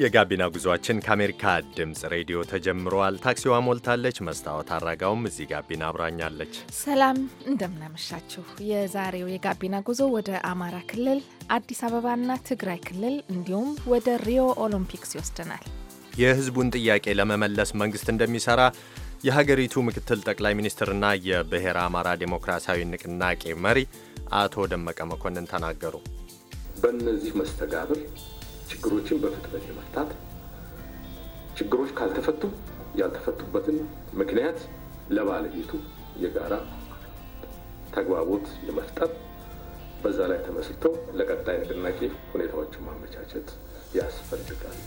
የጋቢና ጉዟችን ከአሜሪካ ድምፅ ሬዲዮ ተጀምሯል። ታክሲዋ ሞልታለች። መስታወት አራጋውም እዚህ ጋቢና አብራኛለች። ሰላም እንደምናመሻችሁ። የዛሬው የጋቢና ጉዞ ወደ አማራ ክልል፣ አዲስ አበባና ትግራይ ክልል እንዲሁም ወደ ሪዮ ኦሎምፒክስ ይወስደናል። የህዝቡን ጥያቄ ለመመለስ መንግስት እንደሚሰራ የሀገሪቱ ምክትል ጠቅላይ ሚኒስትርና የብሔረ አማራ ዴሞክራሲያዊ ንቅናቄ መሪ አቶ ደመቀ መኮንን ተናገሩ። በእነዚህ መስተጋብር ችግሮችን በፍጥነት የመፍታት ችግሮች ካልተፈቱ ያልተፈቱበትን ምክንያት ለባለቤቱ የጋራ ተግባቦት የመፍጠር በዛ ላይ ተመስርቶ ለቀጣይ ንቅናቄ ሁኔታዎችን ማመቻቸት ያስፈልጋል።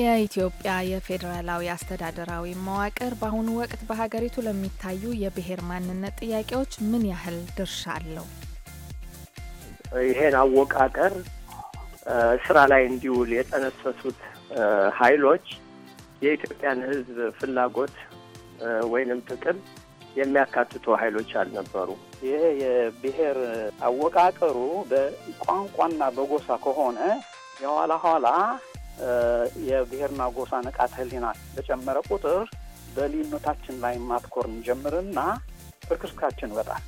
የኢትዮጵያ የፌዴራላዊ አስተዳደራዊ መዋቅር በአሁኑ ወቅት በሀገሪቱ ለሚታዩ የብሔር ማንነት ጥያቄዎች ምን ያህል ድርሻ አለው? ይሄን አወቃቀር ስራ ላይ እንዲውል የጠነሰሱት ኃይሎች የኢትዮጵያን ሕዝብ ፍላጎት ወይንም ጥቅም የሚያካትቱ ኃይሎች አልነበሩ። ይሄ የብሔር አወቃቀሩ በቋንቋና በጎሳ ከሆነ የኋላ ኋላ የብሔርና ጎሳ ንቃተ ህሊና በጨመረ ቁጥር በልዩነታችን ላይ ማትኮር እንጀምርና ፍርክስካችን ይወጣል።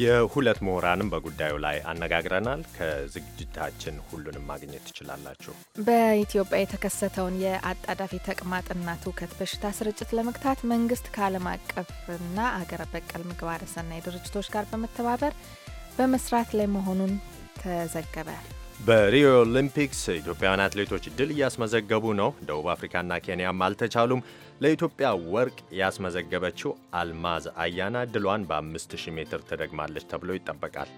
የሁለት ምሁራንም በጉዳዩ ላይ አነጋግረናል። ከዝግጅታችን ሁሉንም ማግኘት ትችላላችሁ። በኢትዮጵያ የተከሰተውን የአጣዳፊ ተቅማጥና ትውከት በሽታ ስርጭት ለመግታት መንግስት ከዓለም አቀፍና አገር በቀል ምግባረ ሰናይ ድርጅቶች ጋር በመተባበር በመስራት ላይ መሆኑን ተዘገበ። በሪዮ ኦሊምፒክስ ኢትዮጵያውያን አትሌቶች ድል እያስመዘገቡ ነው። ደቡብ አፍሪካና ኬንያም አልተቻሉም። ለኢትዮጵያ ወርቅ ያስመዘገበችው አልማዝ አያና ድሏን በ5000 ሜትር ትደግማለች ተብሎ ይጠበቃል።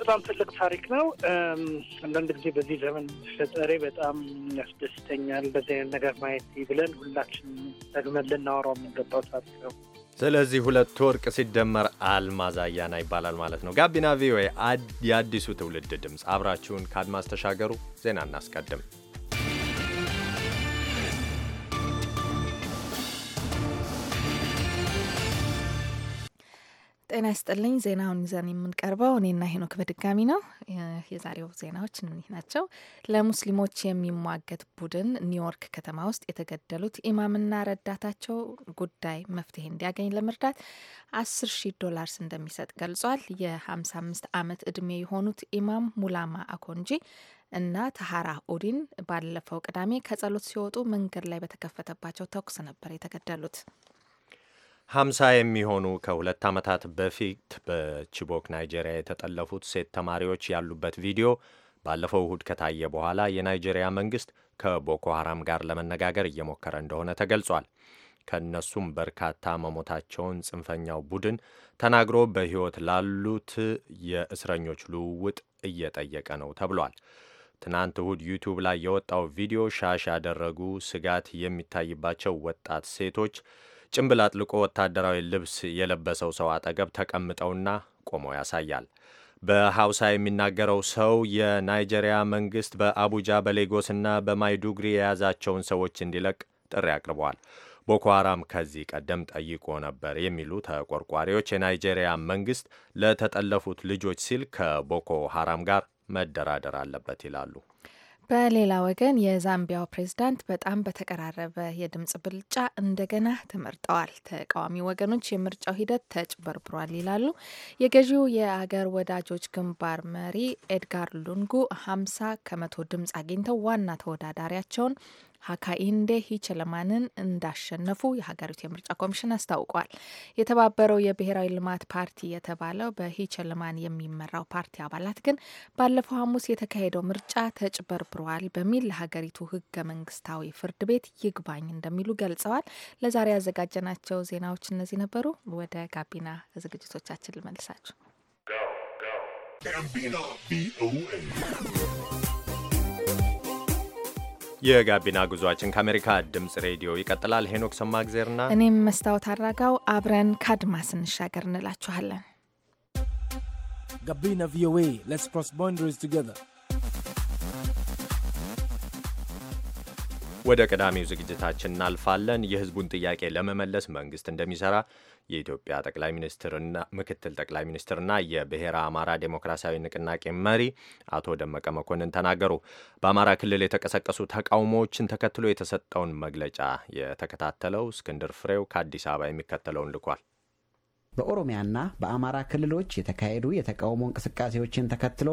በጣም ትልቅ ታሪክ ነው። አንዳንድ ጊዜ በዚህ ዘመን ፈጠሬ በጣም ያስደስተኛል። በዚህ አይነት ነገር ማየት ብለን ሁላችን ደግመን ልናወራው የምንገባው ታሪክ ነው። ስለዚህ ሁለት ወርቅ ሲደመር አልማዝ አያና ይባላል ማለት ነው። ጋቢና ቪኦኤ የአዲሱ ትውልድ ድምፅ፣ አብራችሁን ከአድማስ ተሻገሩ። ዜና እናስቀድም። ጤና ይስጥልኝ። ዜናውን ይዘን የምንቀርበው እኔና ሄኖክ በድጋሚ ነው። የዛሬው ዜናዎች እኒህ ናቸው። ለሙስሊሞች የሚሟገት ቡድን ኒውዮርክ ከተማ ውስጥ የተገደሉት ኢማምና ረዳታቸው ጉዳይ መፍትሄ እንዲያገኝ ለመርዳት አስር ሺ ዶላርስ እንደሚሰጥ ገልጿል። የሀምሳ አምስት ዓመት እድሜ የሆኑት ኢማም ሙላማ አኮንጂ እና ተሃራ ኦዲን ባለፈው ቅዳሜ ከጸሎት ሲወጡ መንገድ ላይ በተከፈተባቸው ተኩስ ነበር የተገደሉት። ሀምሳ የሚሆኑ ከሁለት ዓመታት በፊት በቺቦክ ናይጄሪያ የተጠለፉት ሴት ተማሪዎች ያሉበት ቪዲዮ ባለፈው እሁድ ከታየ በኋላ የናይጄሪያ መንግስት ከቦኮ ሐራም ጋር ለመነጋገር እየሞከረ እንደሆነ ተገልጿል። ከእነሱም በርካታ መሞታቸውን ጽንፈኛው ቡድን ተናግሮ በሕይወት ላሉት የእስረኞች ልውውጥ እየጠየቀ ነው ተብሏል። ትናንት እሁድ ዩቲዩብ ላይ የወጣው ቪዲዮ ሻሽ ያደረጉ ስጋት የሚታይባቸው ወጣት ሴቶች ጭንብል አጥልቆ ወታደራዊ ልብስ የለበሰው ሰው አጠገብ ተቀምጠውና ቆመው ያሳያል። በሐውሳ የሚናገረው ሰው የናይጄሪያ መንግስት በአቡጃ በሌጎስና በማይዱግሪ የያዛቸውን ሰዎች እንዲለቅ ጥሪ አቅርበዋል። ቦኮ ሐራም ከዚህ ቀደም ጠይቆ ነበር የሚሉ ተቆርቋሪዎች የናይጄሪያ መንግስት ለተጠለፉት ልጆች ሲል ከቦኮ ሐራም ጋር መደራደር አለበት ይላሉ። በሌላ ወገን የዛምቢያው ፕሬዝዳንት በጣም በተቀራረበ የድምጽ ብልጫ እንደገና ተመርጠዋል። ተቃዋሚ ወገኖች የምርጫው ሂደት ተጭበርብሯል ይላሉ። የገዢው የአገር ወዳጆች ግንባር መሪ ኤድጋር ሉንጉ ሀምሳ ከመቶ ድምጽ አግኝተው ዋና ተወዳዳሪያቸውን ሀካኢንዴ ሂችለማንን እንዳሸነፉ የሀገሪቱ የምርጫ ኮሚሽን አስታውቋል። የተባበረው የብሔራዊ ልማት ፓርቲ የተባለው በሂችለማን የሚመራው ፓርቲ አባላት ግን ባለፈው ሐሙስ የተካሄደው ምርጫ ተጭበርብሯል በሚል ለሀገሪቱ ህገ መንግስታዊ ፍርድ ቤት ይግባኝ እንደሚሉ ገልጸዋል። ለዛሬ ያዘጋጀናቸው ዜናዎች እነዚህ ነበሩ። ወደ ጋቢና ዝግጅቶቻችን ልመልሳችሁ። የጋቢና ጉዟችን ከአሜሪካ ድምፅ ሬዲዮ ይቀጥላል። ሄኖክ ሰማእግዜርና እኔም መስታወት አድራጋው አብረን ከአድማስ እንሻገር እንላችኋለን። ጋቢና ቪኦኤ ሌትስ ክሮስ ቦንደሪስ ቱጌዘር። ወደ ቀዳሚው ዝግጅታችን እናልፋለን። የህዝቡን ጥያቄ ለመመለስ መንግስት እንደሚሰራ የኢትዮጵያ ጠቅላይ ሚኒስትርና ምክትል ጠቅላይ ሚኒስትርና የብሔረ አማራ ዴሞክራሲያዊ ንቅናቄ መሪ አቶ ደመቀ መኮንን ተናገሩ። በአማራ ክልል የተቀሰቀሱ ተቃውሞዎችን ተከትሎ የተሰጠውን መግለጫ የተከታተለው እስክንድር ፍሬው ከአዲስ አበባ የሚከተለውን ልኳል። በኦሮሚያና በአማራ ክልሎች የተካሄዱ የተቃውሞ እንቅስቃሴዎችን ተከትሎ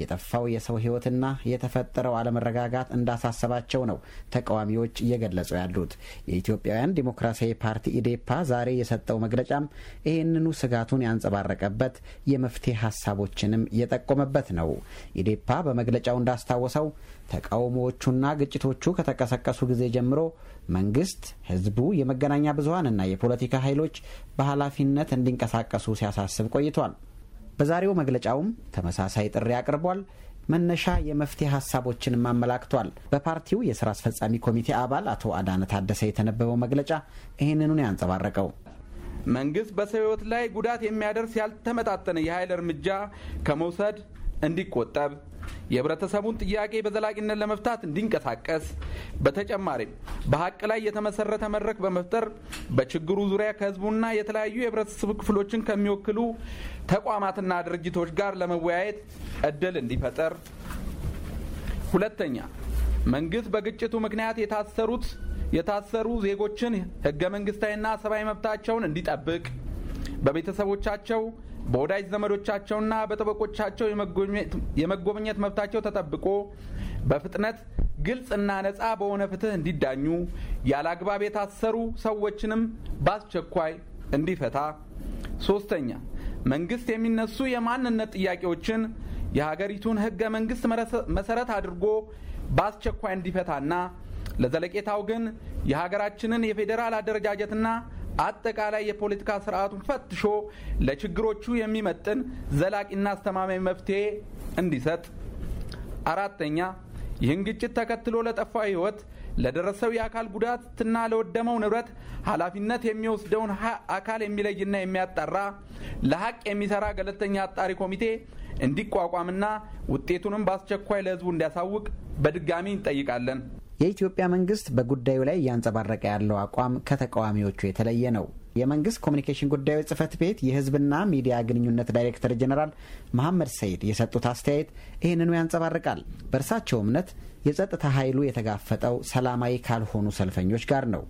የጠፋው የሰው ህይወትና የተፈጠረው አለመረጋጋት እንዳሳሰባቸው ነው ተቃዋሚዎች እየገለጹ ያሉት። የኢትዮጵያውያን ዲሞክራሲያዊ ፓርቲ ኢዴፓ ዛሬ የሰጠው መግለጫም ይህንኑ ስጋቱን ያንጸባረቀበት የመፍትሄ ሀሳቦችንም የጠቆመበት ነው። ኢዴፓ በመግለጫው እንዳስታወሰው ተቃውሞዎቹና ግጭቶቹ ከተቀሰቀሱ ጊዜ ጀምሮ መንግስት፣ ህዝቡ፣ የመገናኛ ብዙሀንና የፖለቲካ ኃይሎች በኃላፊነት እንዲንቀሳቀሱ ሲያሳስብ ቆይቷል። በዛሬው መግለጫውም ተመሳሳይ ጥሪ አቅርቧል። መነሻ የመፍትሄ ሀሳቦችንም አመላክቷል። በፓርቲው የስራ አስፈጻሚ ኮሚቴ አባል አቶ አዳነ ታደሰ የተነበበው መግለጫ ይህንኑን ያንጸባረቀው መንግስት በሰው ላይ ጉዳት የሚያደርስ ያልተመጣጠነ የኃይል እርምጃ ከመውሰድ እንዲቆጠብ የህብረተሰቡን ጥያቄ በዘላቂነት ለመፍታት እንዲንቀሳቀስ በተጨማሪም በሀቅ ላይ የተመሰረተ መድረክ በመፍጠር በችግሩ ዙሪያ ከህዝቡና የተለያዩ የህብረተሰቡ ክፍሎችን ከሚወክሉ ተቋማትና ድርጅቶች ጋር ለመወያየት እድል እንዲፈጠር። ሁለተኛ፣ መንግስት በግጭቱ ምክንያት የታሰሩት የታሰሩ ዜጎችን ህገ መንግስታዊና ሰብአዊ መብታቸውን እንዲጠብቅ በቤተሰቦቻቸው በወዳጅ ዘመዶቻቸውና በጠበቆቻቸው የመጎብኘት መብታቸው ተጠብቆ በፍጥነት ግልጽና ነጻ በሆነ ፍትህ እንዲዳኙ ያለ አግባብ የታሰሩ ሰዎችንም በአስቸኳይ እንዲፈታ። ሶስተኛ መንግስት የሚነሱ የማንነት ጥያቄዎችን የሀገሪቱን ህገ መንግስት መሰረት አድርጎ በአስቸኳይ እንዲፈታና ለዘለቄታው ግን የሀገራችንን የፌዴራል አደረጃጀትና አጠቃላይ የፖለቲካ ስርዓቱን ፈትሾ ለችግሮቹ የሚመጥን ዘላቂና አስተማማኝ መፍትሄ እንዲሰጥ። አራተኛ ይህን ግጭት ተከትሎ ለጠፋው ህይወት ለደረሰው የአካል ጉዳትና ለወደመው ንብረት ኃላፊነት የሚወስደውን አካል የሚለይና የሚያጣራ ለሀቅ የሚሰራ ገለልተኛ አጣሪ ኮሚቴ እንዲቋቋምና ውጤቱንም በአስቸኳይ ለህዝቡ እንዲያሳውቅ በድጋሚ እንጠይቃለን። የኢትዮጵያ መንግስት በጉዳዩ ላይ እያንጸባረቀ ያለው አቋም ከተቃዋሚዎቹ የተለየ ነው። የመንግስት ኮሚኒኬሽን ጉዳዮች ጽህፈት ቤት የህዝብና ሚዲያ ግንኙነት ዳይሬክተር ጀኔራል መሐመድ ሰይድ የሰጡት አስተያየት ይህንኑ ያንጸባርቃል። በእርሳቸው እምነት የጸጥታ ኃይሉ የተጋፈጠው ሰላማዊ ካልሆኑ ሰልፈኞች ጋር ነው።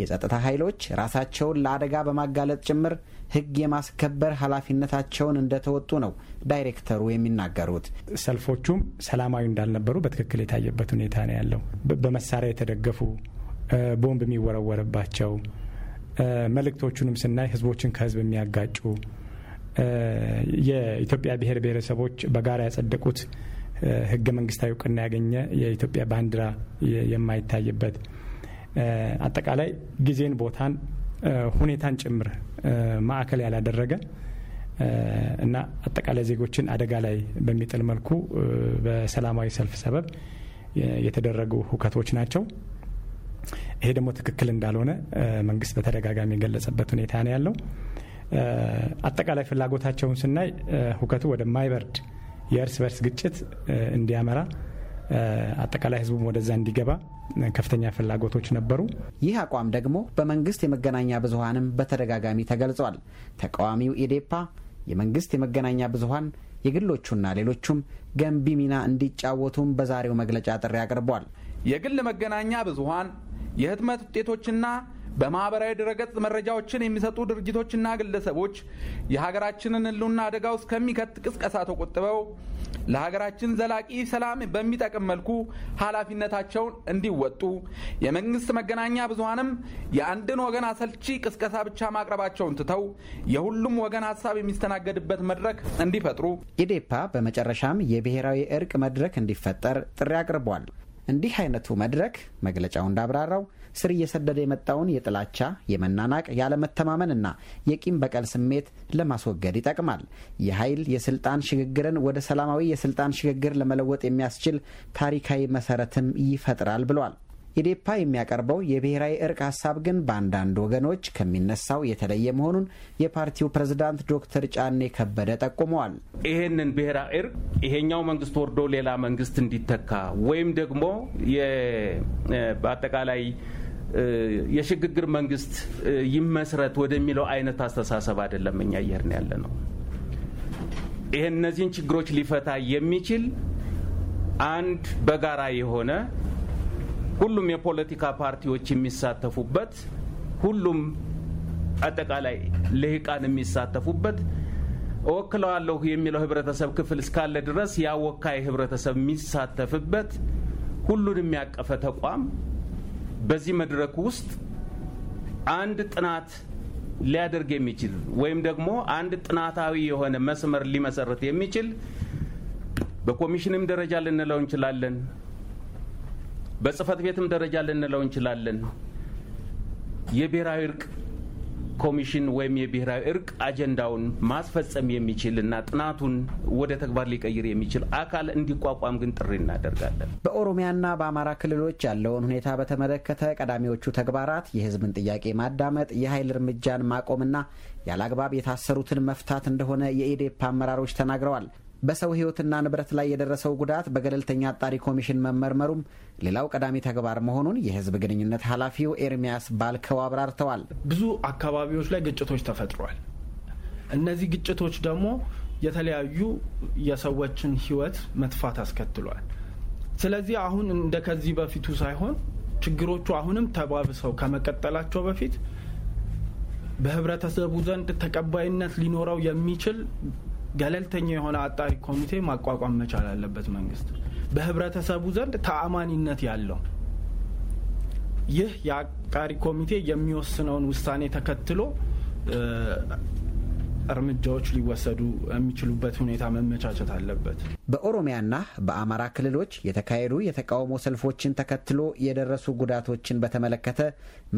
የጸጥታ ኃይሎች ራሳቸውን ለአደጋ በማጋለጥ ጭምር ሕግ የማስከበር ኃላፊነታቸውን እንደተወጡ ነው ዳይሬክተሩ የሚናገሩት። ሰልፎቹም ሰላማዊ እንዳልነበሩ በትክክል የታየበት ሁኔታ ነው ያለው። በመሳሪያ የተደገፉ ቦምብ የሚወረወርባቸው መልእክቶቹንም ስናይ ህዝቦችን ከህዝብ የሚያጋጩ የኢትዮጵያ ብሔር ብሔረሰቦች በጋራ ያጸደቁት ህገ መንግስታዊ እውቅና ያገኘ የኢትዮጵያ ባንዲራ የማይታይበት አጠቃላይ ጊዜን፣ ቦታን፣ ሁኔታን ጭምር ማዕከል ያላደረገ እና አጠቃላይ ዜጎችን አደጋ ላይ በሚጥል መልኩ በሰላማዊ ሰልፍ ሰበብ የተደረጉ ሁከቶች ናቸው። ይሄ ደግሞ ትክክል እንዳልሆነ መንግስት በተደጋጋሚ የገለጸበት ሁኔታ ነው ያለው። አጠቃላይ ፍላጎታቸውን ስናይ ሁከቱ ማይበርድ የእርስ በርስ ግጭት እንዲያመራ አጠቃላይ ህዝቡም ወደዛ እንዲገባ ከፍተኛ ፍላጎቶች ነበሩ። ይህ አቋም ደግሞ በመንግስት የመገናኛ ብዙሀንም በተደጋጋሚ ተገልጿል። ተቃዋሚው ኢዴፓ የመንግስት የመገናኛ ብዙሀን የግሎቹና ሌሎቹም ገንቢ ሚና እንዲጫወቱም በዛሬው መግለጫ ጥሪ አቅርቧል። የግል መገናኛ ብዙሀን የህትመት ውጤቶችና በማህበራዊ ድረገጽ መረጃዎችን የሚሰጡ ድርጅቶችና ግለሰቦች የሀገራችንን ሕልውና አደጋ ውስጥ ከሚከት ቅስቀሳ ተቆጥበው ለሀገራችን ዘላቂ ሰላም በሚጠቅም መልኩ ኃላፊነታቸውን እንዲወጡ፣ የመንግስት መገናኛ ብዙሀንም የአንድን ወገን አሰልቺ ቅስቀሳ ብቻ ማቅረባቸውን ትተው የሁሉም ወገን ሀሳብ የሚስተናገድበት መድረክ እንዲፈጥሩ ኢዴፓ በመጨረሻም የብሔራዊ እርቅ መድረክ እንዲፈጠር ጥሪ አቅርቧል። እንዲህ አይነቱ መድረክ መግለጫው እንዳብራራው ስር እየሰደደ የመጣውን የጥላቻ፣ የመናናቅ፣ ያለመተማመንና የቂም በቀል ስሜት ለማስወገድ ይጠቅማል። የኃይል የስልጣን ሽግግርን ወደ ሰላማዊ የስልጣን ሽግግር ለመለወጥ የሚያስችል ታሪካዊ መሰረትም ይፈጥራል ብሏል። ኢዴፓ የሚያቀርበው የብሔራዊ እርቅ ሀሳብ ግን በአንዳንድ ወገኖች ከሚነሳው የተለየ መሆኑን የፓርቲው ፕሬዝዳንት ዶክተር ጫኔ ከበደ ጠቁመዋል። ይህንን ብሔራዊ እርቅ ይሄኛው መንግስት ወርዶ ሌላ መንግስት እንዲተካ ወይም ደግሞ በአጠቃላይ የሽግግር መንግስት ይመስረት ወደሚለው አይነት አስተሳሰብ አይደለም እኛ እየሄድን ያለ ነው። ይህ እነዚህን ችግሮች ሊፈታ የሚችል አንድ በጋራ የሆነ ሁሉም የፖለቲካ ፓርቲዎች የሚሳተፉበት ሁሉም አጠቃላይ ልሂቃን የሚሳተፉበት እወክለዋለሁ የሚለው ህብረተሰብ ክፍል እስካለ ድረስ ያ ወካይ ህብረተሰብ የሚሳተፍበት ሁሉንም ያቀፈ ተቋም በዚህ መድረክ ውስጥ አንድ ጥናት ሊያደርግ የሚችል ወይም ደግሞ አንድ ጥናታዊ የሆነ መስመር ሊመሰረት የሚችል በኮሚሽንም ደረጃ ልንለው እንችላለን፣ በጽህፈት ቤትም ደረጃ ልንለው እንችላለን የብሔራዊ እርቅ ኮሚሽን ወይም የብሔራዊ እርቅ አጀንዳውን ማስፈጸም የሚችል እና ጥናቱን ወደ ተግባር ሊቀይር የሚችል አካል እንዲቋቋም ግን ጥሪ እናደርጋለን። በኦሮሚያና በአማራ ክልሎች ያለውን ሁኔታ በተመለከተ ቀዳሚዎቹ ተግባራት የህዝብን ጥያቄ ማዳመጥ፣ የኃይል እርምጃን ማቆምና ያለ አግባብ የታሰሩትን መፍታት እንደሆነ የኢዴፓ አመራሮች ተናግረዋል። በሰው ሕይወትና ንብረት ላይ የደረሰው ጉዳት በገለልተኛ አጣሪ ኮሚሽን መመርመሩም ሌላው ቀዳሚ ተግባር መሆኑን የህዝብ ግንኙነት ኃላፊው ኤርሚያስ ባልከው አብራርተዋል። ብዙ አካባቢዎች ላይ ግጭቶች ተፈጥሯል። እነዚህ ግጭቶች ደግሞ የተለያዩ የሰዎችን ሕይወት መጥፋት አስከትሏል። ስለዚህ አሁን እንደ ከዚህ በፊቱ ሳይሆን ችግሮቹ አሁንም ተባብሰው ከመቀጠላቸው በፊት በህብረተሰቡ ዘንድ ተቀባይነት ሊኖረው የሚችል ገለልተኛ የሆነ አጣሪ ኮሚቴ ማቋቋም መቻል አለበት መንግስት በህብረተሰቡ ዘንድ ተአማኒነት ያለው ይህ የአጣሪ ኮሚቴ የሚወስነውን ውሳኔ ተከትሎ እርምጃዎች ሊወሰዱ የሚችሉበት ሁኔታ መመቻቸት አለበት። በኦሮሚያና በአማራ ክልሎች የተካሄዱ የተቃውሞ ሰልፎችን ተከትሎ የደረሱ ጉዳቶችን በተመለከተ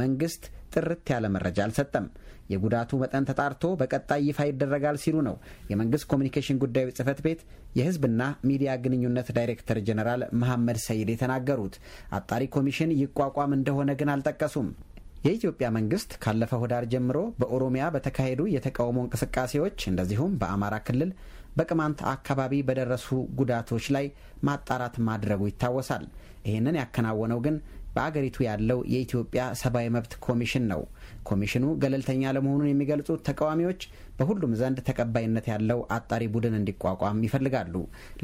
መንግስት ጥርት ያለ መረጃ አልሰጠም። የጉዳቱ መጠን ተጣርቶ በቀጣይ ይፋ ይደረጋል ሲሉ ነው የመንግስት ኮሚኒኬሽን ጉዳዮች ጽህፈት ቤት የህዝብና ሚዲያ ግንኙነት ዳይሬክተር ጀነራል መሐመድ ሰይድ የተናገሩት። አጣሪ ኮሚሽን ይቋቋም እንደሆነ ግን አልጠቀሱም። የኢትዮጵያ መንግስት ካለፈው ህዳር ጀምሮ በኦሮሚያ በተካሄዱ የተቃውሞ እንቅስቃሴዎች እንደዚሁም በአማራ ክልል በቅማንት አካባቢ በደረሱ ጉዳቶች ላይ ማጣራት ማድረጉ ይታወሳል። ይህንን ያከናወነው ግን በአገሪቱ ያለው የኢትዮጵያ ሰብአዊ መብት ኮሚሽን ነው። ኮሚሽኑ ገለልተኛ ለመሆኑን የሚገልጹት ተቃዋሚዎች በሁሉም ዘንድ ተቀባይነት ያለው አጣሪ ቡድን እንዲቋቋም ይፈልጋሉ።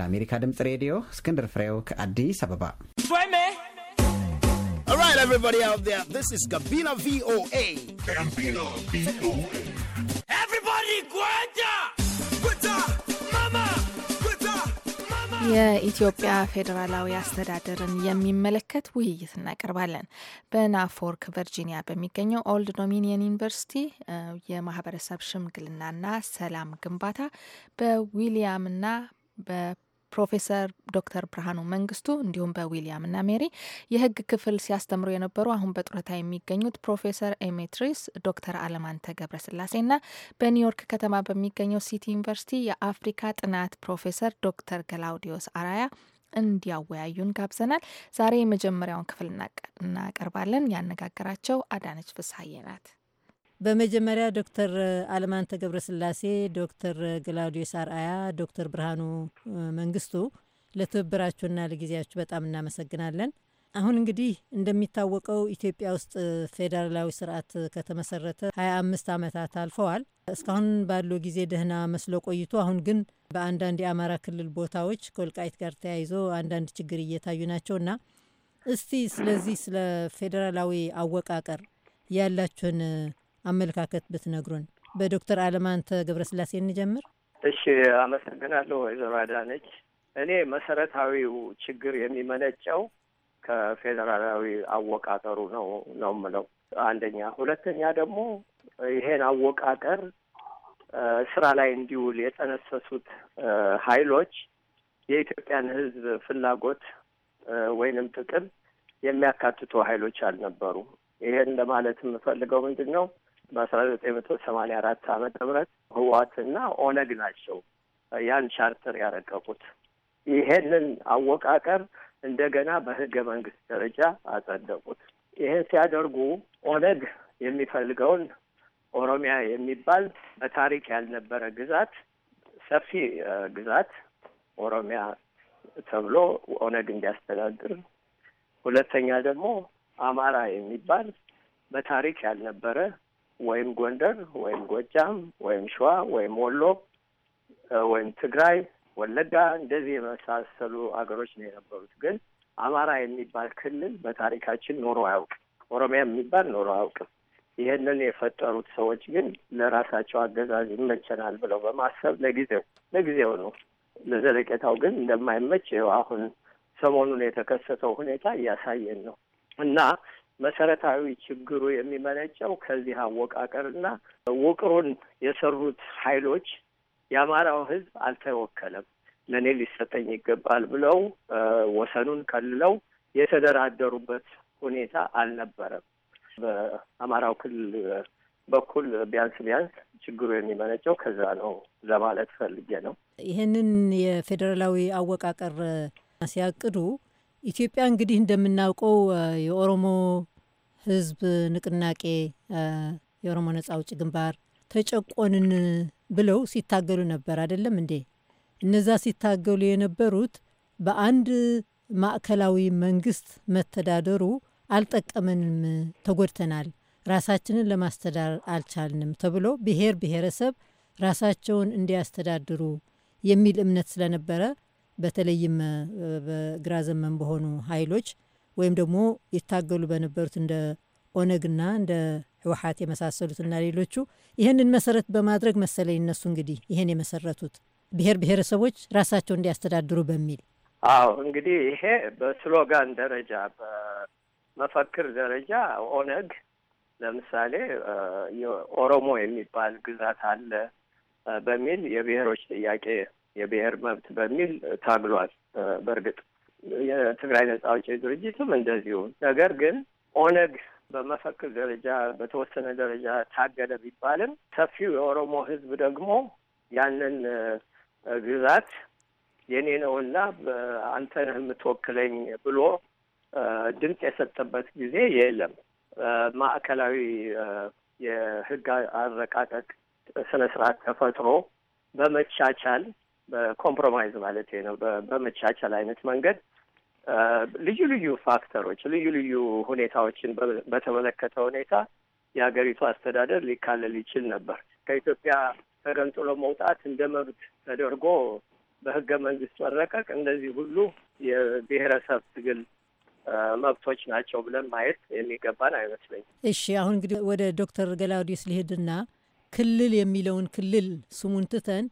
ለአሜሪካ ድምጽ ሬዲዮ እስክንድር ፍሬው ከአዲስ አበባ። All right, everybody out there, this is Gabina VOA. Gabina VOA. የኢትዮጵያ ፌዴራላዊ አስተዳደርን የሚመለከት ውይይት እናቀርባለን። በናፎርክ ቨርጂኒያ በሚገኘው ኦልድ ዶሚኒየን ዩኒቨርሲቲ የማህበረሰብ ሽምግልናና ሰላም ግንባታ በዊሊያምና ፕሮፌሰር ዶክተር ብርሃኑ መንግስቱ እንዲሁም በዊሊያም እና ሜሪ የህግ ክፍል ሲያስተምሩ የነበሩ አሁን በጡረታ የሚገኙት ፕሮፌሰር ኤሜትሪስ ዶክተር አለማንተ ና በኒውዮርክ ከተማ በሚገኘው ሲቲ ዩኒቨርሲቲ የአፍሪካ ጥናት ፕሮፌሰር ዶክተር ገላውዲዮስ አራያ እንዲያወያዩን ጋብዘናል። ዛሬ የመጀመሪያውን ክፍል እናቀርባለን። ያነጋገራቸው አዳነች ፍስሀዬ ናት። በመጀመሪያ ዶክተር አለማንተ ገብረስላሴ፣ ዶክተር ግላውዲዮስ አርአያ፣ ዶክተር ብርሃኑ መንግስቱ ለትብብራችሁና ለጊዜያችሁ በጣም እናመሰግናለን። አሁን እንግዲህ እንደሚታወቀው ኢትዮጵያ ውስጥ ፌዴራላዊ ስርዓት ከተመሰረተ 25 ዓመታት አልፈዋል። እስካሁን ባለው ጊዜ ደህና መስሎ ቆይቶ አሁን ግን በአንዳንድ የአማራ ክልል ቦታዎች ከወልቃይት ጋር ተያይዞ አንዳንድ ችግር እየታዩ ናቸውና እስቲ ስለዚህ ስለ ፌዴራላዊ አወቃቀር ያላችሁን አመለካከት ብትነግሩን። በዶክተር አለማንተ ገብረስላሴ እንጀምር። እሺ፣ አመሰግናለሁ ወይዘሮ አዳነች። እኔ መሰረታዊው ችግር የሚመነጨው ከፌዴራላዊ አወቃቀሩ ነው ነው የምለው አንደኛ። ሁለተኛ ደግሞ ይሄን አወቃቀር ስራ ላይ እንዲውል የጠነሰሱት ኃይሎች የኢትዮጵያን ሕዝብ ፍላጎት ወይንም ጥቅም የሚያካትቱ ኃይሎች አልነበሩም። ይሄን ለማለት የምፈልገው ምንድን ነው በአስራ ዘጠኝ መቶ ሰማኒያ አራት ዓመተ ምህረት ህወሓትና ኦነግ ናቸው ያን ቻርተር ያረቀቁት። ይሄንን አወቃቀር እንደገና በህገ መንግስት ደረጃ አጸደቁት። ይሄን ሲያደርጉ ኦነግ የሚፈልገውን ኦሮሚያ የሚባል በታሪክ ያልነበረ ግዛት፣ ሰፊ ግዛት ኦሮሚያ ተብሎ ኦነግ እንዲያስተዳድር፣ ሁለተኛ ደግሞ አማራ የሚባል በታሪክ ያልነበረ ወይም ጎንደር ወይም ጎጃም ወይም ሸዋ ወይም ወሎ ወይም ትግራይ፣ ወለጋ እንደዚህ የመሳሰሉ ሀገሮች ነው የነበሩት። ግን አማራ የሚባል ክልል በታሪካችን ኖሮ አያውቅም። ኦሮሚያ የሚባል ኖሮ አያውቅም። ይህንን የፈጠሩት ሰዎች ግን ለራሳቸው አገዛዝ ይመቸናል ብለው በማሰብ ለጊዜው ለጊዜው ነው፣ ለዘለቄታው ግን እንደማይመች አሁን ሰሞኑን የተከሰተው ሁኔታ እያሳየን ነው እና መሰረታዊ ችግሩ የሚመነጨው ከዚህ አወቃቀርና ውቅሩን የሰሩት ኃይሎች የአማራው ሕዝብ አልተወከለም፣ ለእኔ ሊሰጠኝ ይገባል ብለው ወሰኑን ከልለው የተደራደሩበት ሁኔታ አልነበረም። በአማራው ክልል በኩል ቢያንስ ቢያንስ ችግሩ የሚመነጨው ከዛ ነው ለማለት ፈልጌ ነው። ይህንን የፌዴራላዊ አወቃቀር ሲያቅዱ ኢትዮጵያ እንግዲህ እንደምናውቀው የኦሮሞ ህዝብ ንቅናቄ የኦሮሞ ነጻ አውጪ ግንባር ተጨቆንን ብለው ሲታገሉ ነበር አይደለም እንዴ? እነዛ ሲታገሉ የነበሩት በአንድ ማዕከላዊ መንግስት መተዳደሩ አልጠቀመንም፣ ተጎድተናል፣ ራሳችንን ለማስተዳደር አልቻልንም ተብሎ ብሔር ብሔረሰብ ራሳቸውን እንዲያስተዳድሩ የሚል እምነት ስለነበረ በተለይም በግራ ዘመን በሆኑ ኃይሎች ወይም ደግሞ ይታገሉ በነበሩት እንደ ኦነግና እንደ ህወሓት የመሳሰሉትና ሌሎቹ ይህንን መሰረት በማድረግ መሰለኝ እነሱ እንግዲህ ይህን የመሰረቱት ብሔር ብሔረሰቦች ራሳቸው እንዲያስተዳድሩ በሚል። አዎ እንግዲህ ይሄ በስሎጋን ደረጃ በመፈክር ደረጃ ኦነግ ለምሳሌ ኦሮሞ የሚባል ግዛት አለ በሚል የብሔሮች ጥያቄ የብሔር መብት በሚል ታግሏል። በእርግጥ የትግራይ ነጻ አውጪ ድርጅትም እንደዚሁ። ነገር ግን ኦነግ በመፈክር ደረጃ በተወሰነ ደረጃ ታገለ ቢባልም ሰፊው የኦሮሞ ሕዝብ ደግሞ ያንን ግዛት የኔ ነውና አንተ ነህ የምትወክለኝ ብሎ ድምፅ የሰጠበት ጊዜ የለም። ማዕከላዊ የህግ አረቃቀቅ ስነ ስርዓት ተፈጥሮ በመቻቻል በኮምፕሮማይዝ ማለት ነው በመቻቻል አይነት መንገድ ልዩ ልዩ ፋክተሮች ልዩ ልዩ ሁኔታዎችን በተመለከተ ሁኔታ የሀገሪቱ አስተዳደር ሊካለል ይችል ነበር። ከኢትዮጵያ ተገንጥሎ መውጣት እንደ መብት ተደርጎ በህገ መንግስት መረቀቅ፣ እነዚህ ሁሉ የብሔረሰብ ትግል መብቶች ናቸው ብለን ማየት የሚገባን አይመስለኝም። እሺ፣ አሁን እንግዲህ ወደ ዶክተር ገላውዲስ ሊሄድና ክልል የሚለውን ክልል ስሙን ትተን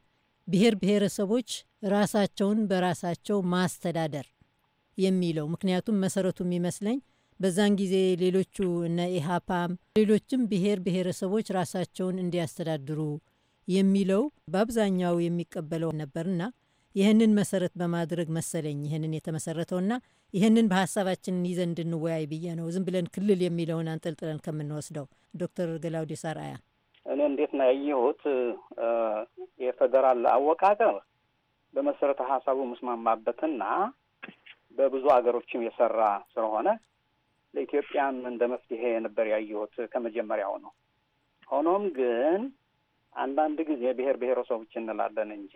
ብሔር ብሔረሰቦች ራሳቸውን በራሳቸው ማስተዳደር የሚለው ምክንያቱም መሰረቱ የሚመስለኝ በዛን ጊዜ ሌሎቹ እነ ኢሃፓም ሌሎችም ብሔር ብሔረሰቦች ራሳቸውን እንዲያስተዳድሩ የሚለው በአብዛኛው የሚቀበለው ነበርና ይህንን መሰረት በማድረግ መሰለኝ ይህንን የተመሰረተውና ይህንን በሀሳባችን ይዘን እንድንወያይ ብዬ ነው። ዝም ብለን ክልል የሚለውን አንጠልጥለን ከምንወስደው ዶክተር ገላውዴ ሳርአያ እንዴት ነው ያየሁት? የፌዴራል አወቃቀር በመሰረተ ሀሳቡ ምስማማበትና በብዙ ሀገሮችም የሰራ ስለሆነ ለኢትዮጵያም እንደ መፍትሄ ነበር ያየሁት ከመጀመሪያው ነው። ሆኖም ግን አንዳንድ ጊዜ ብሔር ብሔረሰቦች እንላለን እንጂ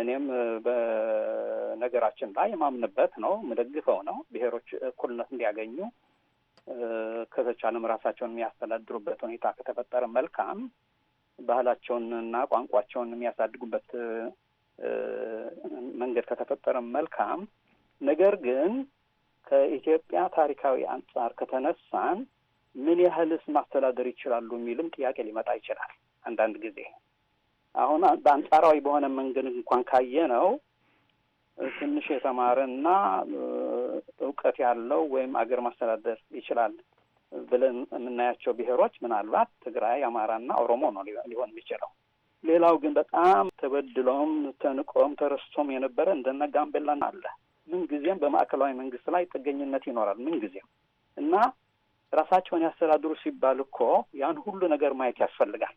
እኔም በነገራችን ላይ የማምንበት ነው የምደግፈው ነው ብሔሮች እኩልነት እንዲያገኙ ከተቻለም ራሳቸውን የሚያስተዳድሩበት ሁኔታ ከተፈጠረ መልካም፣ ባህላቸውንና ቋንቋቸውን የሚያሳድጉበት መንገድ ከተፈጠረ መልካም። ነገር ግን ከኢትዮጵያ ታሪካዊ አንጻር ከተነሳን ምን ያህልስ ማስተዳደር ይችላሉ የሚልም ጥያቄ ሊመጣ ይችላል። አንዳንድ ጊዜ አሁን በአንጻራዊ በሆነ መንገድ እንኳን ካየ ነው ትንሽ የተማረ እና እውቀት ያለው ወይም አገር ማስተዳደር ይችላል ብለን የምናያቸው ብሔሮች ምናልባት ትግራይ፣ አማራና ኦሮሞ ነው ሊሆን የሚችለው። ሌላው ግን በጣም ተበድሎም ተንቆም ተረስቶም የነበረ እንደነ ጋምቤላን አለ። ምንጊዜም በማዕከላዊ መንግስት ላይ ጥገኝነት ይኖራል ምንጊዜም እና ራሳቸውን ያስተዳድሩ ሲባል እኮ ያን ሁሉ ነገር ማየት ያስፈልጋል።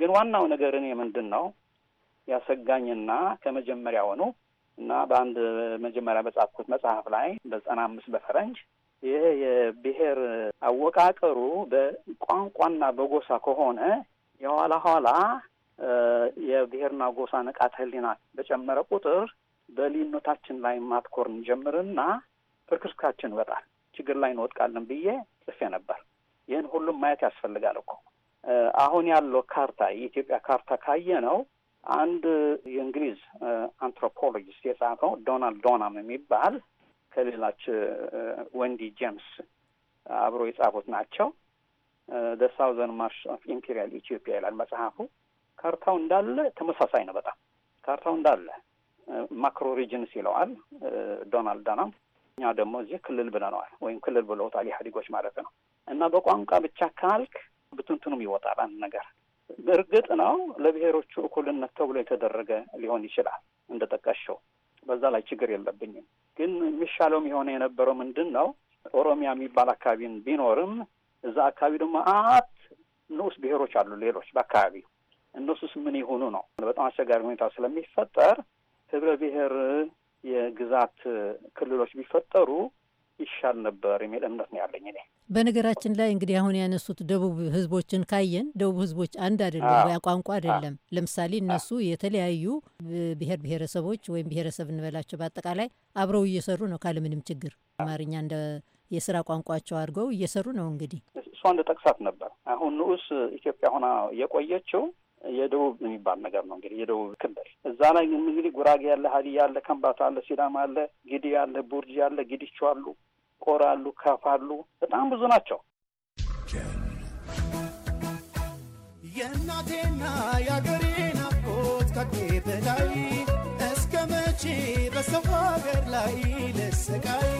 ግን ዋናው ነገር እኔ ምንድን ነው ያሰጋኝና ከመጀመሪያውኑ እና በአንድ መጀመሪያ በጻፍኩት መጽሐፍ ላይ በዘጠና አምስት በፈረንጅ ይሄ የብሔር አወቃቀሩ በቋንቋና በጎሳ ከሆነ የኋላ ኋላ የብሔርና ጎሳ ንቃተ ሕሊና በጨመረ ቁጥር በልዩነታችን ላይ ማትኮር እንጀምርና ፍርክስካችን ይወጣል፣ ችግር ላይ እንወጥቃለን ብዬ ጽፌ ነበር። ይህን ሁሉም ማየት ያስፈልጋል እኮ አሁን ያለው ካርታ የኢትዮጵያ ካርታ ካየ ነው አንድ የእንግሊዝ አንትሮፖሎጂስት የጻፈው ዶናልድ ዶናም የሚባል ከሌላች ወንዲ ጄምስ አብሮ የጻፉት ናቸው። ደ ሳውዘን ማርሽ ኦፍ ኢምፔሪያል ኢትዮጵያ ይላል መጽሐፉ። ካርታው እንዳለ ተመሳሳይ ነው። በጣም ካርታው እንዳለ ማክሮ ሪጅንስ ይለዋል ዶናልድ ዶናም። እኛ ደግሞ እዚህ ክልል ብለነዋል፣ ወይም ክልል ብለውታል ኢህአዴጎች ማለት ነው። እና በቋንቋ ብቻ ካልክ ብትንትኑም ይወጣል አንድ ነገር እርግጥ ነው ለብሔሮቹ እኩልነት ተብሎ የተደረገ ሊሆን ይችላል እንደ ጠቀሽው፣ በዛ ላይ ችግር የለብኝም። ግን የሚሻለውም የሆነ የነበረው ምንድን ነው ኦሮሚያ የሚባል አካባቢን ቢኖርም እዛ አካባቢ ደግሞ አት ንዑስ ብሔሮች አሉ ሌሎች በአካባቢው እነሱስ ምን የሆኑ ነው በጣም አስቸጋሪ ሁኔታ ስለሚፈጠር ህብረ ብሔር የግዛት ክልሎች ቢፈጠሩ ይሻል ነበር የሚል እምነት ነው ያለኝ እኔ። በነገራችን ላይ እንግዲህ አሁን ያነሱት ደቡብ ህዝቦችን ካየን ደቡብ ህዝቦች አንድ አይደለም፣ ወይ ቋንቋ አይደለም። ለምሳሌ እነሱ የተለያዩ ብሔር ብሔረሰቦች ወይም ብሔረሰብ እንበላቸው በአጠቃላይ አብረው እየሰሩ ነው ካለምንም ችግር አማርኛ እንደ የስራ ቋንቋቸው አድርገው እየሰሩ ነው። እንግዲህ እሷ እንደ ጠቅሳት ነበር አሁን ንዑስ ኢትዮጵያ ሆና የቆየችው የደቡብ የሚባል ነገር ነው እንግዲህ የደቡብ ክልል እዛ ላይ እንግዲህ ጉራጌ አለ፣ ሀዲያ አለ፣ ከምባታ አለ፣ ሲዳማ አለ፣ ጊዲ አለ፣ ቡርጂ አለ፣ ጊዲቹ አሉ፣ ቆራ አሉ፣ ከፍ አሉ። በጣም ብዙ ናቸው። የእናቴና የአገሬ ናፍቆት ከአቅሜ በላይ እስከ መቼ በሰው ሀገር ላይ ልሰቃይ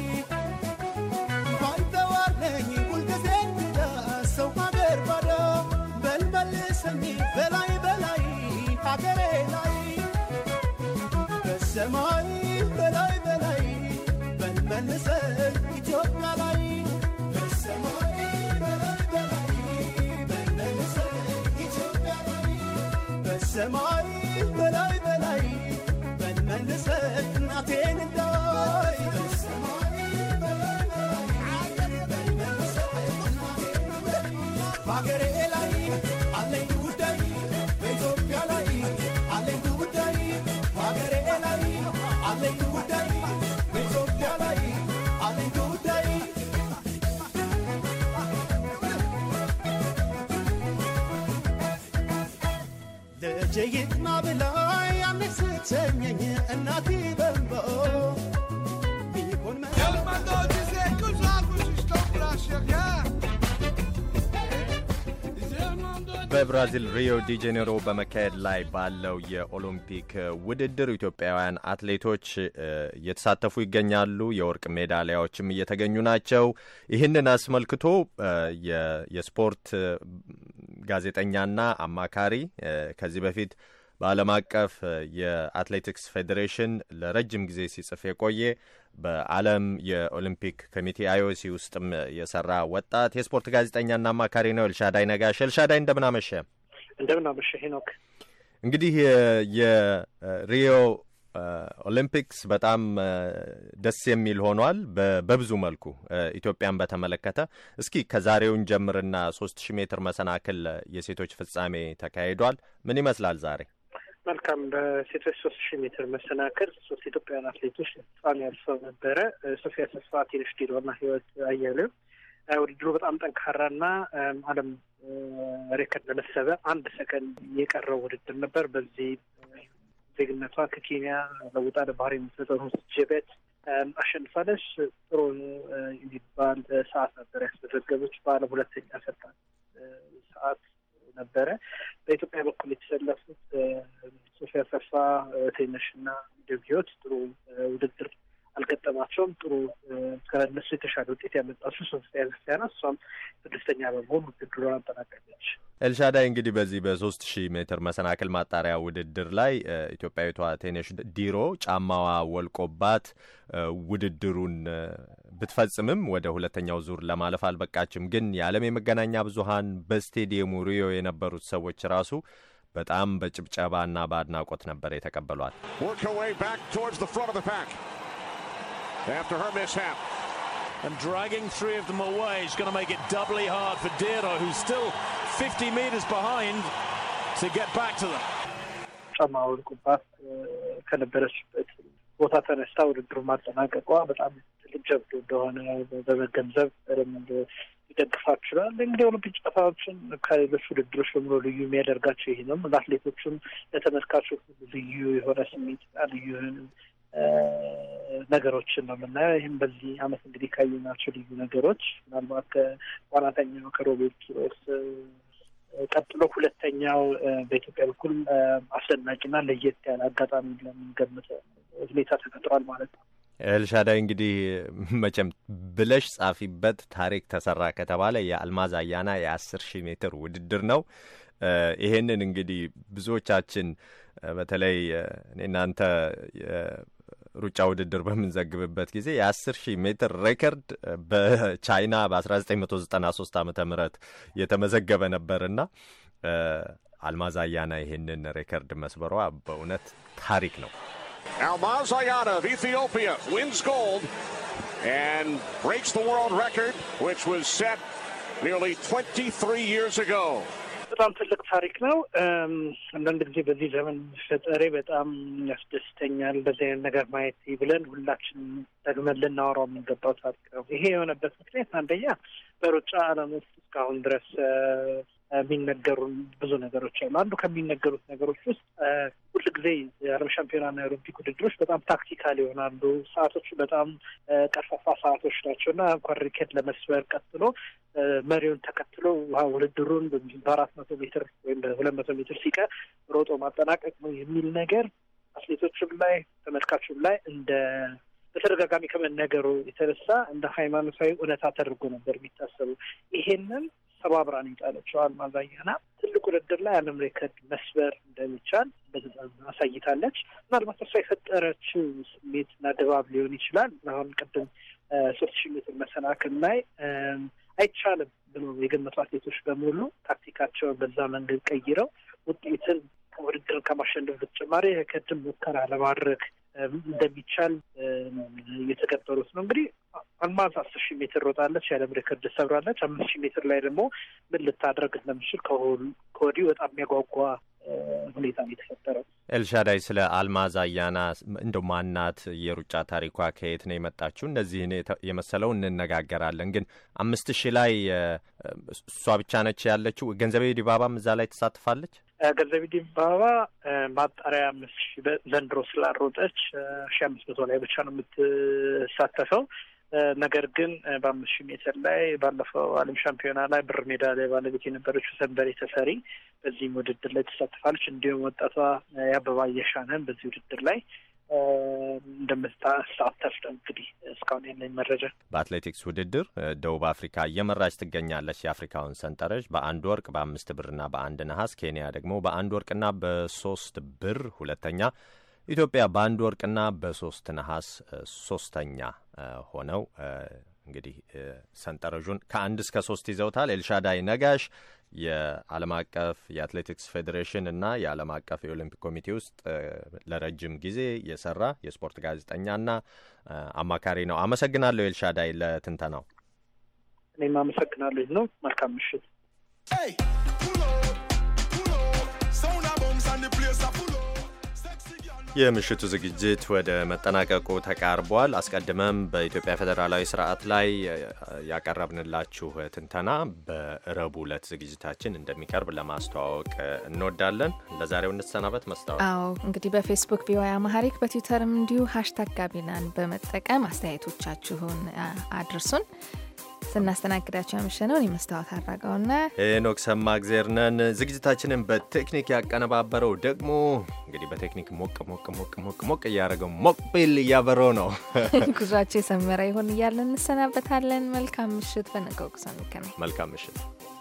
ሰማይ በላይ በላይ በመልሰት እናቴን እንዳይ በሀገሬ በብራዚል ሪዮ ዲጄኔሮ በመካሄድ ላይ ባለው የኦሎምፒክ ውድድር ኢትዮጵያውያን አትሌቶች እየተሳተፉ ይገኛሉ። የወርቅ ሜዳሊያዎችም እየተገኙ ናቸው። ይህንን አስመልክቶ የስፖርት ጋዜጠኛና አማካሪ ከዚህ በፊት በዓለም አቀፍ የአትሌቲክስ ፌዴሬሽን ለረጅም ጊዜ ሲጽፍ የቆየ በዓለም የኦሊምፒክ ኮሚቴ አይኦሲ ውስጥም የሰራ ወጣት የስፖርት ጋዜጠኛና አማካሪ ነው ኤልሻዳይ ነጋሽ። ኤልሻዳይ እንደምናመሸ እንደምናመሸ ሄኖክ። እንግዲህ የሪዮ ኦሊምፒክስ በጣም ደስ የሚል ሆኗል በብዙ መልኩ ኢትዮጵያን በተመለከተ። እስኪ ከዛሬውን ጀምርና ሶስት ሺህ ሜትር መሰናክል የሴቶች ፍጻሜ ተካሂዷል። ምን ይመስላል ዛሬ? መልካም በሴቶች ሶስት ሺህ ሜትር መሰናክል ሶስት ኢትዮጵያውያን አትሌቶች ፍጻሜ ያልፈው ነበረ። ሶፊያ ተስፋ፣ ቴነሽ ዲሎና ህይወት አያሌው ውድድሩ በጣም ጠንካራ ጠንካራና ዓለም ሬከርድ ለመሰበ አንድ ሰከንድ የቀረው ውድድር ነበር። በዚህ ዜግነቷ ከኬንያ ለውጣ ለባህር የምትሰጠው ጀቤት አሸንፋለች። ጥሩ የሚባል ሰዓት ነበር ያስመዘገበች። በዓለም ሁለተኛ ሰጣት ሰዓት ነበረ። በኢትዮጵያ በኩል የተሰለፉት ሶፊያ ሰፋ፣ ቴነሽ እና ደብዮት ጥሩ ውድድር አልገጠማቸውም። ጥሩ ከነሱ የተሻለ ውጤት ያመጣችው ሶስተኛ ክርስቲያና እሷም ስድስተኛ በመሆን ውድድሯን አጠናቀቀች። ኤልሻዳይ እንግዲህ በዚህ በሶስት ሺህ ሜትር መሰናክል ማጣሪያ ውድድር ላይ ኢትዮጵያዊቷ ቴኔሽ ዲሮ ጫማዋ ወልቆባት ውድድሩን ብትፈጽምም ወደ ሁለተኛው ዙር ለማለፍ አልበቃችም። ግን የዓለም የመገናኛ ብዙሃን በስቴዲየሙ ሪዮ የነበሩት ሰዎች ራሱ በጣም በጭብጨባና በአድናቆት ነበር የተቀበሏል። after her mishap. And dragging three of them away is going to make it doubly hard for Dero, who's still 50 metres behind, to get back to them. ጫማ ወድቁባት ከነበረችበት ቦታ ተነስታ ውድድሩ ማጠናቀቋ በጣም ትልቅ ጀብዱ እንደሆነ በመገንዘብ ሊደግፋት ችሏል። እንግዲህ ኦሎምፒክ ጨዋታዎችን ከሌሎች ውድድሮች በሙሉ ልዩ የሚያደርጋቸው ይህ ነው። ለአትሌቶቹም ለተመልካቾች ልዩ የሆነ ስሜት ልዩ ነገሮችን ነው የምናየው። ይህም በዚህ አመት እንግዲህ ካየናቸው ልዩ ነገሮች ምናልባት ከዋናተኛው ከሮቤርት ኪሮስ ቀጥሎ ሁለተኛው በኢትዮጵያ በኩል አስደናቂና ለየት ያለ አጋጣሚ ለምንገምት ሁኔታ ተፈጥሯል ማለት ነው። ኤልሻዳይ እንግዲህ መቼም ብለሽ ጻፊበት ታሪክ ተሰራ ከተባለ የአልማዝ አያና የአስር ሺህ ሜትር ውድድር ነው። ይሄንን እንግዲህ ብዙዎቻችን በተለይ እኔ እናንተ ሩጫ ውድድር በምንዘግብበት ጊዜ የ10 ሺህ ሜትር ሬከርድ በቻይና በ1993 ዓ ም የተመዘገበ ነበርና አልማዝ አያና ይህንን ሬከርድ መስበሯ በእውነት ታሪክ ነው። አልማዝ አያና of Ethiopia wins gold and breaks the world record 23 በጣም ትልቅ ታሪክ ነው። አንዳንድ ጊዜ በዚህ ዘመን ፈጠሬ በጣም ያስደስተኛል፣ በዚህ አይነት ነገር ማየት ብለን ሁላችን ደግመን ልናወራው የምንገባው ታሪክ ነው። ይሄ የሆነበት ምክንያት አንደኛ በሩጫ ዓለም ውስጥ እስካሁን ድረስ የሚነገሩ ብዙ ነገሮች አሉ። አንዱ ከሚነገሩት ነገሮች ውስጥ ሁል ጊዜ የዓለም ሻምፒዮናና የኦሎምፒክ ውድድሮች በጣም ታክቲካል ይሆናሉ። ሰዓቶች በጣም ቀርፋፋ ሰዓቶች ናቸው እና እንኳን ሪኬት ለመስበር ቀጥሎ መሪውን ተከትሎ ውድድሩን በአራት መቶ ሜትር ወይም በሁለት መቶ ሜትር ሲቀር ሮጦ ማጠናቀቅ ነው የሚል ነገር አትሌቶችም ላይ ተመልካቹም ላይ እንደ በተደጋጋሚ ከመነገሩ የተነሳ እንደ ሃይማኖታዊ እውነታ ተደርጎ ነበር የሚታሰቡ ይሄንን ሰባብራን ይጣለችዋል ማዛኛና ትልቅ ውድድር ላይ ዓለም ሬከርድ መስበር እንደሚቻል አሳይታለች። ምናልባት እሷ የፈጠረችው እና ድባብ ሊሆን ይችላል። አሁን ቅድም ሶስት ሺህ ሜትር መሰናክል ላይ አይቻልም ብሎ የገመቱ አትሌቶች በሙሉ ታክቲካቸውን በዛ መንገድ ቀይረው ውጤትን ውድድርን ከማሸነፍ በተጨማሪ ከድም ሙከራ ለማድረግ እንደሚቻል የተቀበሉት ነው። እንግዲህ አልማዝ አስር ሺህ ሜትር ሮጣለች፣ የዓለም ሬከርድ ሰብራለች። አምስት ሺህ ሜትር ላይ ደግሞ ምን ልታደርግ እንደምችል ከወዲሁ በጣም የሚያጓጓ ሁኔታ ነው የተፈጠረው። ኤልሻዳይ፣ ስለ አልማዝ አያና እንደ ማናት፣ የሩጫ ታሪኳ ከየት ነው የመጣችው፣ እነዚህን የመሰለው እንነጋገራለን። ግን አምስት ሺህ ላይ እሷ ብቻ ነች ያለችው። ገንዘቤ ዲባባም እዛ ላይ ተሳትፋለች። ገንዘቤ ዲባባ ማጣሪያ አምስት ሺህ ዘንድሮ ስላሮጠች ሺ አምስት መቶ ላይ ብቻ ነው የምትሳተፈው። ነገር ግን በአምስት ሺ ሜትር ላይ ባለፈው ዓለም ሻምፒዮና ላይ ብር ሜዳሊያ ባለቤት የነበረችው ሰንበሬ ተፈሪ በዚህም ውድድር ላይ ትሳተፋለች። እንዲሁም ወጣቷ የአበባ እየሻነን በዚህ ውድድር ላይ እንደምታሳተፍ ነው እንግዲህ እስካሁን ያለኝ መረጃ። በአትሌቲክስ ውድድር ደቡብ አፍሪካ እየመራች ትገኛለች የአፍሪካውን ሰንጠረዥ በአንድ ወርቅ፣ በአምስት ብርና በአንድ ነሐስ፣ ኬንያ ደግሞ በአንድ ወርቅና በሶስት ብር ሁለተኛ፣ ኢትዮጵያ በአንድ ወርቅና በሶስት ነሐስ ሶስተኛ ሆነው እንግዲህ ሰንጠረዡን ከአንድ እስከ ሶስት ይዘውታል። ኤልሻዳይ ነጋሽ የዓለም አቀፍ የአትሌቲክስ ፌዴሬሽን እና የዓለም አቀፍ የኦሊምፒክ ኮሚቴ ውስጥ ለረጅም ጊዜ የሰራ የስፖርት ጋዜጠኛና አማካሪ ነው። አመሰግናለሁ ኤልሻዳይ ለትንተናው። እኔም አመሰግናለሁ ነው። መልካም ምሽት። የምሽቱ ዝግጅት ወደ መጠናቀቁ ተቃርቧል። አስቀድመም በኢትዮጵያ ፌዴራላዊ ስርዓት ላይ ያቀረብንላችሁ ትንተና በረቡ ዕለት ዝግጅታችን እንደሚቀርብ ለማስተዋወቅ እንወዳለን። ለዛሬው እንሰናበት። መስታወት አዎ፣ እንግዲህ በፌስቡክ ቪኦኤ አማሃሪክ በትዊተርም እንዲሁ ሀሽታግ ጋቢናን በመጠቀም አስተያየቶቻችሁን አድርሱን። ስናስተናግዳቸው ያመሸነውን የመስታወት አድረገውና ሄኖክ ሰማ እግዜር ዝግጅታችንን በቴክኒክ ያቀነባበረው ደግሞ እንግዲህ በቴክኒክ ሞቅ ሞቅ ሞቅ ሞቅ ሞቅ እያደረገው ሞቅ ቢል እያበረው ነው። ጉዟቸው የሰመረ ይሆን እያለን እንሰናበታለን። መልካም ምሽት። በነገው ጉዞ እንገናኝ። መልካም ምሽት።